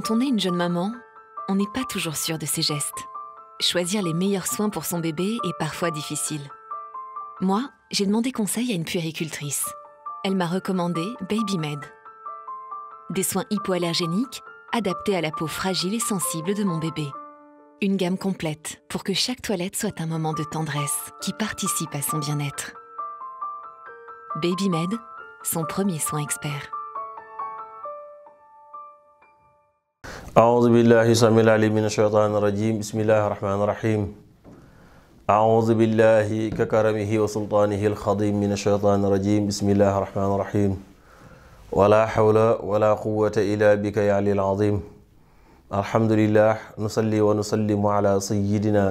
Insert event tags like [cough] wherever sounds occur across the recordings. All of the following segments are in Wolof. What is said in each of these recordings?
Quand on est une jeune maman, on n'est pas toujours sûr de ses gestes. Choisir les meilleurs soins pour son bébé est parfois difficile. Moi, j'ai demandé conseil à une puéricultrice. Elle m'a recommandé BabyMed. Des soins hypoallergéniques adaptés à la peau fragile et sensible de mon bébé. Une gamme complète pour que chaque toilette soit un moment de tendresse qui participe à son bien-être. BabyMed, son premier soin أعوذ بالله السميع العليم من الشيطان الرجيم بسم الله الرحمن الرحيم أعوذ بالله ككرمه وسلطانه الخضيم من الشيطان الرجيم بسم الله الرحمن الرحيم ولا حول ولا قوة إلا بك يا علي العظيم الحمد لله نصلي ونسلم على سيدنا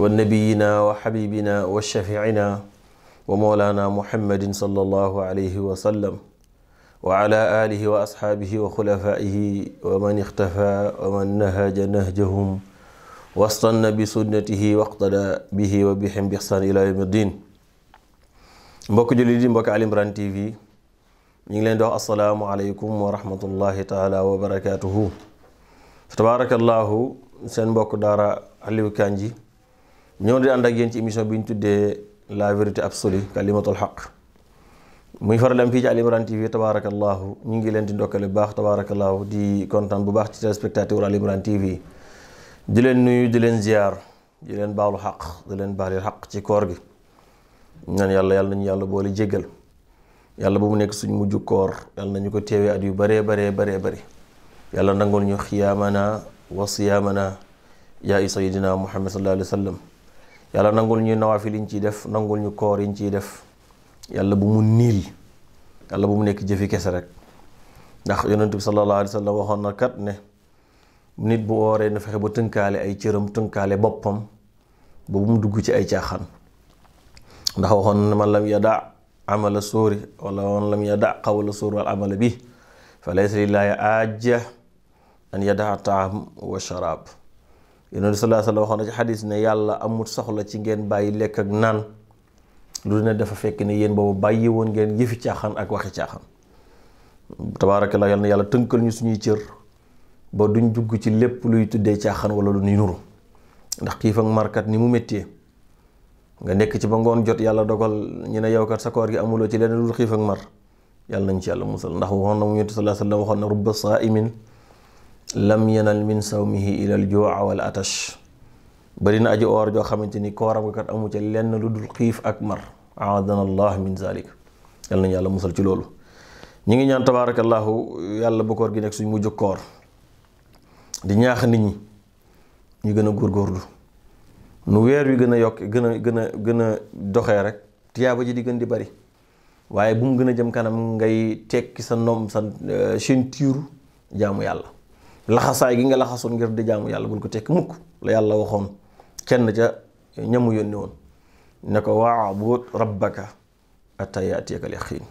والنبينا وحبيبنا وشفيعنا ومولانا محمد صلى الله عليه وسلم wa ala alihi wa asxaabihi wa xulafaihi wa man ixtafa wa man nahaja nahjahum wastanna bi sunnatihi waqtada bihi wa bihim bi ixsaan ila yawmi ddin mbokk jullit yi mbokk Ali TV ñu ngi leen di wax assalaamu taala wa barakaatuhu tabaarakallahu seen mbokk daara Aliou Kandji ñoo di ànd ak yéen ci émission bi ñu tuddee la vérité absolue kalimatul muy faral am fii ci Ali Imran TV tabaarakallaahu ñu ngi leen di ndokkale bu baax tabaarakallaahu di kontaan bu baax ci téléspectateur Ali Imran TV di leen nuyu di leen ziar di leen baalu xaq di leen baali xaq ci koor gi ñaan yàlla yàlla nañu yàlla boole jéggal yàlla ba mu nekk suñu mujj koor yàlla nañu ko teewee at yu baree baree baree bëri yàlla nangul ñu xiyaamana wa siyaamana yaa i sayidina muhammad sallallahu alayhi wa sallam yàlla nangul ñu nawaafil yi ñu ciy def nangul ñu koor yi ñu ciy def yàlla bu mu niil yàlla bu mu nekk jëfi kese rek ndax yonent bi sallallahu alayhi waxoon na kat ne nit bu ooree na fexe ba tënkaale ay cëram tënkaale boppam ba mu dugg ci ay caaxaan ndax waxoon na man lam yada amala sóori wala man lam yada qawla sóori wal amala bi fa laysa lillaahi aaja an yada taam wa sharaab yonent bi sallallahu waxoon na ci xadis ne yàlla amul soxla ci ngeen bàyyi lekk ak naan lu ne dafa fekk ni yéen boobu bàyyi woon ngeen yëfi caaxaan ak waxe caaxaan tabaaraka la yàlla tënkal ñu suñuy cër ba duñ jugg ci lépp luy tuddee caaxaan wala lu nu nuru ndax xiif markat ni mu méttee nga nekk ci ba ngoon jot yàlla dogal ñu ne yow kat sa koor gi amuloo ci leneen lu xiif ak mar yàlla nañ ci yàlla musal ndax waxoon na mu yonent sallallahu alayhi wa sallam waxoon na rubba saa'imin lam yanal min saw ila al juu'a wal atash bari na aji oor joo xamante ni kooram kat amu ca lenn lu dul xiif ak mar aadana allah min zalik yal nañu yàlla musal ci loolu ñu ngi ñaan tabaarakallahu yàlla bu koor gi nekk suñ mujj koor di nit ñi ñu gën a góorgóorlu nu weer wi gën a yokk gën a gën a gën a doxee rek tiyaaba ji di di bari waaye bu mu gën a jëm kanam ngay tekki sa noom sa euh, ceinture jaamu yàlla laxasaay gi nga laxasoon ngir di jaamu yàlla bul ko tekki mukk la yàlla waxoon kenn ca ñamu yónni woon ne ko waabud rabbaka atta yaatiyaka al yaqiin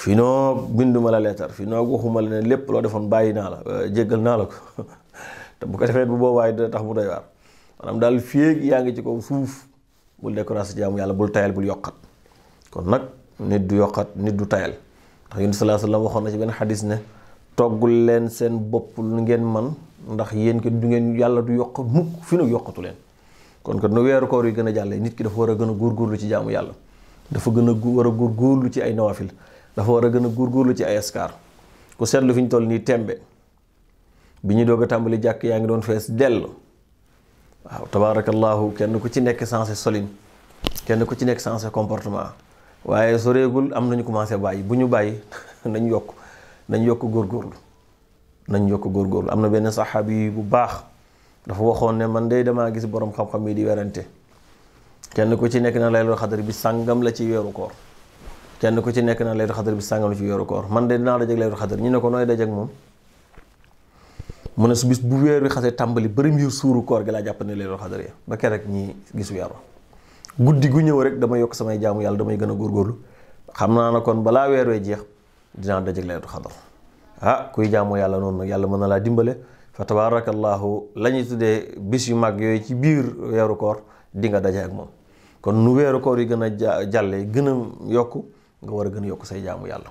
fi noo binduma la leetar fi noo waxuma la ne lépp loo defoon bàyyi naa la euh, jéggal naa la ko [laughs] te bu ko defee bu boobaay da tax mu doy waar maanaam daal fii yaa ngi ci kaw suuf bul découragé jaamu yàlla bul tayal bul yokkat kon nag nit du yokkat nit du tayal ndax yonent sallallahu alayhi wa sallam waxoon na ci benn xadis ne toggul leen seen bopp lu ngeen man ndax yéen ki du ngeen yàlla du yokk mukk fi nu yokkatu leen kon kat nu weeru koor yi gën a jàllee nit ki dafa war a gën a góorgóorlu ci jaamu yàlla dafa gën a war a góorgóorlu ci ay nawafil dafa war a gën a góorgóorlu ci ay askar ku seetlu fi ñu toll nii tembe bi ñu doog tàmbali jàkk yaa ngi doon fees dell waaw tabaarakallaahu kenn ku ci nekk sensé solin kenn ku ci nekk sensé comportement waaye soreegul am nañu commencé bàyyi bu ñu bàyyi [laughs] nañu yokk nañ yokk góorgóorlu nañ yokk góorgóorlu am na benn yi bu baax dafa waxoon ne man de damaa gis boroom xam-xam yi di werante kenn ku ci nekk na laylatul xadar bi sàngam la ci weeru koor kenn ku ci nekk na laylatul xadar bi sàngam la ci weeru koor man de dinaa dajeg laylatul xadar ñu ne ko nooy dajeg moom mu ne su bis bu weer wi xasee tàmbali premier suuru koor gi laa jàpp ne laylatul xadar ya ba keroog ñi gis weeru guddi gu ñëw rek dama yokk samay jaamu yàlla damay gën a góorgóorlu xam naa na kon dinaa dajeeg laylatul xadar ah kuy jaamu yàlla noonu nag yàlla mën na laa dimbale fa tabaarakallaahu la ñuy tuddee bis yu mag yooyu ci biir weeru koor di nga daje ak moom kon nu weeru koor yi gën a jàlle gën a yokk nga war a gën a yokk say jaamu yàlla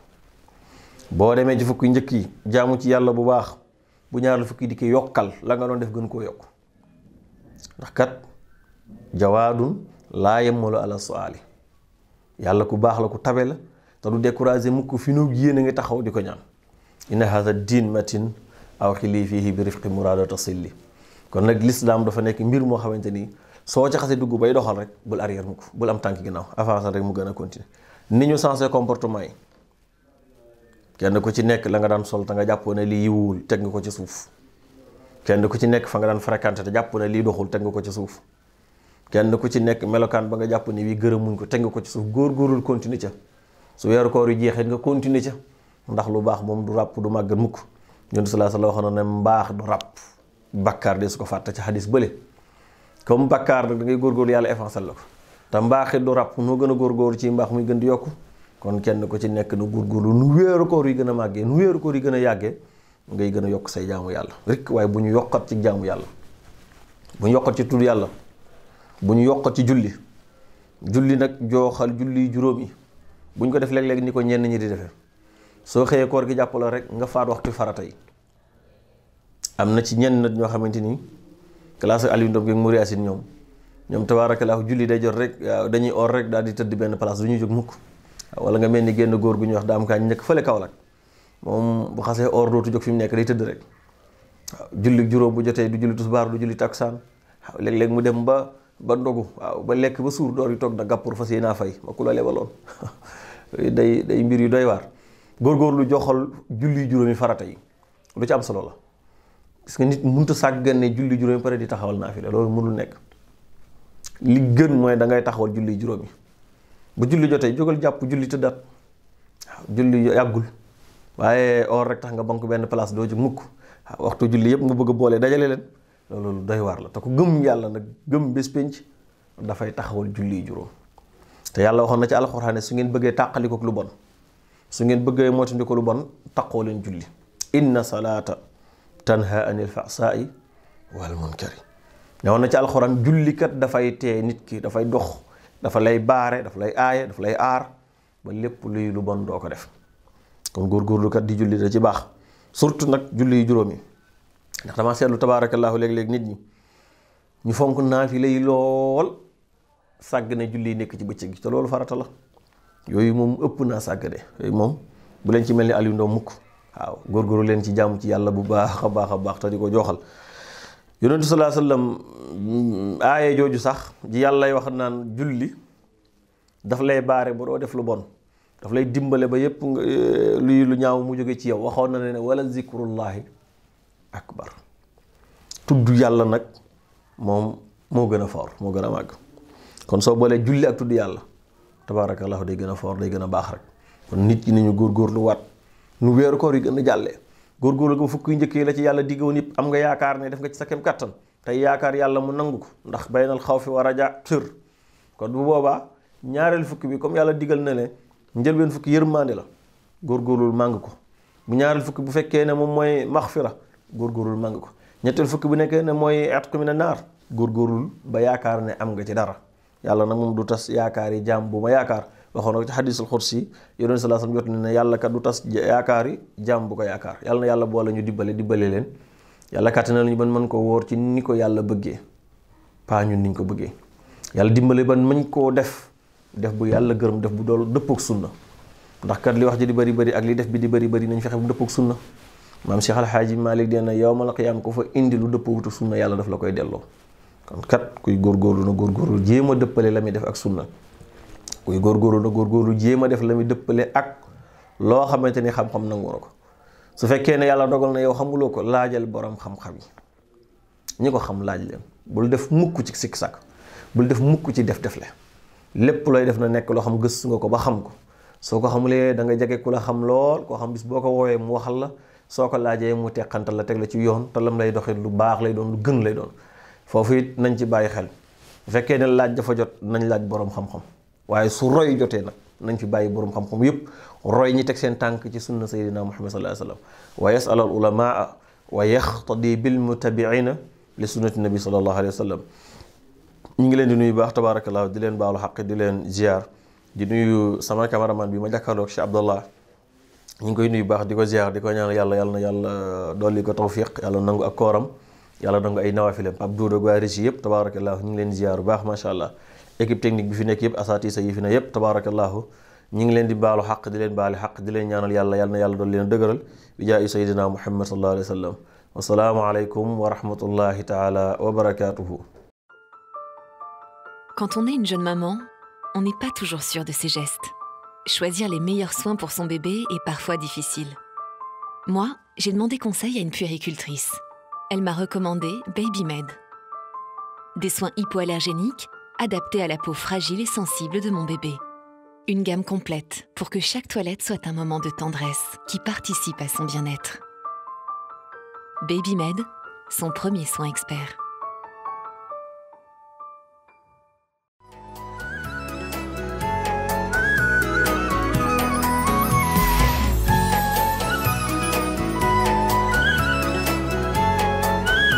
boo demee ci fukki njëkk yi jaamu ci yàlla bu baax bu ñaar la fukki yokkal la nga doon def gën koo yokk ndax kat jawaadun laa yemmalu ala yàlla ku baax la ku tabe la te du découragé mukk fi nu yéen a ngi taxaw di ko ñaan inna haada diin matin aw xilii yi bi rifqi muraado tasilli kon nag lislaam dafa nekk mbir moo xamante ni soo ca xasee dugg bay doxal rek bul arrière mukk bul am tànk ginnaaw avancé rek mu gën a continuer ni ñu sensé comportement yi kenn ku ci nekk la nga daan sol te nga jàppoon ne lii yiwul teg ko ci suuf kenn ku ci nekk fa nga daan fréquenté te jàpp ne lii doxul teg nga ko ci suuf kenn ku ci nekk melokaan ba nga jàpp ne wii gërëmuñ ko teg nga ko ci suuf góor-góorul continuer ca su weeru koor yi jeexee nga continuer ca ndax lu baax moom du ràpp du màggat mukk laa sa sala wax na ne mbaax du ràpp bakkaar de su ko fàtte ci xadis bële comme bakkaar nag da ngay góor yàlla effancel la ko te mbaaxit du ràpp noo gën a góorgóorlu ci mbaax muy gën di yokku kon kenn ko ci nekk na góorgóorlu nu weeru koor yi gën a màggee nu weeru koor yi gën a yàggee ngay gën a yokk say jaamu yàlla rek waaye bu ñu yokkat ci jaamu yàlla bu ñu yokkat ci yàlla bu ñu yokkat ci julli julli nag jooxal julli juróom bu ñu ko def léeg-léeg ni ko ñenn ñi di defee soo xëyee koor gi jàppaloo rek nga faat waxtu farata yi am na ci ñenn nit ñoo xamante ni classe Aliou Ndom gi Mouri Assine ñoom ñoom tabaarakallaahu julli day jot rek dañuy or rek daal di tëdd benn place du ñuy jóg mukk wala nga mel ni génn góor gu ñu wax daam kaañ nekk fële Kaolack moom bu xasee or dootu jóg fi mu nekk day tëdd rek waaw julli juróom bu jotee du julli tisbaar du julli taksaan waaw léeg-léeg mu dem ba ba ndogu ba lekk ba suur door yi toog na gàppur fas yéenaa fay ma ku la [laughs] day day mbir yu doy waar góorgóorlu joxal julli juróomi farata yi lu ci am solo la parce que nit mënut a sàggane julli juróomi pare di taxawal naafila loolu mënul nekk li gën mooy da ngay taxawal juróomi bu julli jotee jógal jàpp julli tëddaat waaw julli yàggul waaye or rek tax nga bank benn place doo ci mukk waxtu julli yëpp mu bëgg boolee boole dajale leen loolu doy waar la te ku gëm yàlla nag gëm bés penc dafay taxawal julli juróom. te yàlla waxoon na ci alxuraan su ngeen bëggee tàqaliko lu bon su ngeen bëggee moytandiku lu bon taqoo leen julli inna salaata tanha anil fasaai wal munkari ne woon na ci alxuraan jullikat dafay tee nit ki dafay dox dafa lay baare dafa lay aaye dafa lay aar ba lépp luy lu bon doo ko def kon góorgóorlukat di julli da ci baax surtout nag julli yu juróom ndax dama seetlu tabaarakallaahu léeg-léeg nit ñi ñu fonk naafile yi lool sàgg na julli nekk ci bëccëg gi te loolu farata la yooyu moom ëpp naa sàgg de yooyu moom bu leen ci mel ni Aliou mukk waaw góorgóorlu leen ci jàmm ci yàlla bu baax a baax a baax te di ko jooxal yonentu salaa sallam aaye jooju sax ji yàllay wax naan julli daf lay baare ba doo def lu bon daf lay dimbale ba yépp eh, luy lu ñaaw mu jóge ci yow waxoon na ne wala zikrullahi akbar tudd yàlla nag moom moo gën a foor moo gën a màgg kon soo boolee julli ak tudd yàlla tabaarakallaahu day gën a foor day gën a baax rek kon nit ñi nañu lu waat nu weeru koor yi gën a jàllee góorgóorlu ko fukki njëkk yi la ci yàlla diggoon yëpp am nga yaakaar ne def nga ci sa kem kattan tey yaakaar yàlla mu nangu ko ndax baynal xaw fi war a ja sër kon bu boobaa ñaareel fukki bi comme yàlla digal na ne njëlbeen fukki yërmande la góorgóorlul màng ko bu ñaareel fukki bu fekkee ne moom mooy maxfira góorgóorlul màng ko ñetteel fukki bu nekkee ne mooy atqu mina naar góorgóorlul ba yaakaar ne am nga ci dara yàlla nag moom du tas yaakaar yi jaam bu ma yaakaar waxoon na ko ci xadiisul xursi yonent bi sallallahu alayhi jot na ne yàlla kat du tas yaakaar yi jaam bu ko yaakaar yàlla na yàlla boole ñu dibbale dibbale leen yàlla kàttanal ñu ban man ko wóor ci ni ko yàlla bëggee paa ñun niñ ko bëggee yàlla dimbale ban mañ koo def def bu yàlla gërëm def bu dool dëppook sunna ndax kat li wax ji di bëri bari ak li def bi di bari bëri nañ fexe bu dëppook sunna maam Cheikh Alhaaji Malick dee na yowmal qiyaam ko indi lu dëppookutu sunna yàlla daf la koy delloo kon kat kuy góorgóorlu na góor jéem jéema dëppale la muy def ak sunna kuy góor góor góorgóorlu na góorgóorlu jéem a def la muy dëppale ak loo xamante ni xam-xam nangu na ko su fekkee ne yàlla dogal na yow xamuloo ko laajal borom xam-xam yi ñi ko xam laaj leen bul def mukk ci sikk sàkk bul def mukk ci def defle lépp looy def na nekk loo xam gëstu nga ko ba xam ko soo ko xamulee da nga jege ku la xam lool koo xam bis boo ko woowee mu waxal la soo ko laajee mu teqantal la teg la ci yoon te lam lay doxee lu baax lay doon gën lay doon foofu it nañ ci bàyyi xel bu fekkee ne laaj dafa jot nañ laaj boroom xam-xam waaye su roy jotee nag nañ fi bàyyi boroom xam-xam yépp roy ñi teg seen tànk ci sunna sayyidina muhammad sallallahu alayhi wa sallam wa yasal al ulamaa wa yaxtadi bil mutabiina li sunnati nabi sallallahu alayhi wa sallam ñu ngi leen di nuyu baax tabaarakallaahu di leen baalu xaq di leen ziar di nuyu sama cameraman bi ma jàkkaarloog Cheikh Abdallah ñu ngi koy nuyu baax di ko ziar di ko ñaan yàlla yàlla na yàlla dolli ko tawfiq yàlla nangu ak kooram yàlla nangu ay nawaafilam Pape Dodo ak waa régie yëpp tabaarakallaahu ñu ngi leen ziar bu baax macha allah équipe technique bi fi nekk yëpp asaatiisa yi fi ne leen di baalu xaq di leen baali xaq di leen ñaanal yàlla yàlla na yàlla doon leen dëgëral bi jaayi sayyidina muhammad sallallahu alayhi wa sallam wasalaamualeykum wa rahmatullahi taala wa barakaatuhu. Quand on est une jeune maman, on n'est pas toujours sûr de ses gestes. Choisir les meilleurs soins pour son bébé est parfois difficile. Moi, j'ai demandé conseil elle m'a recommandé BabyMed. Des soins hypoallergéniques adaptés à la peau fragile et sensible de mon bébé. Une gamme complète pour que chaque toilette soit un moment de tendresse qui participe à son bien-être. BabyMed, son premier soin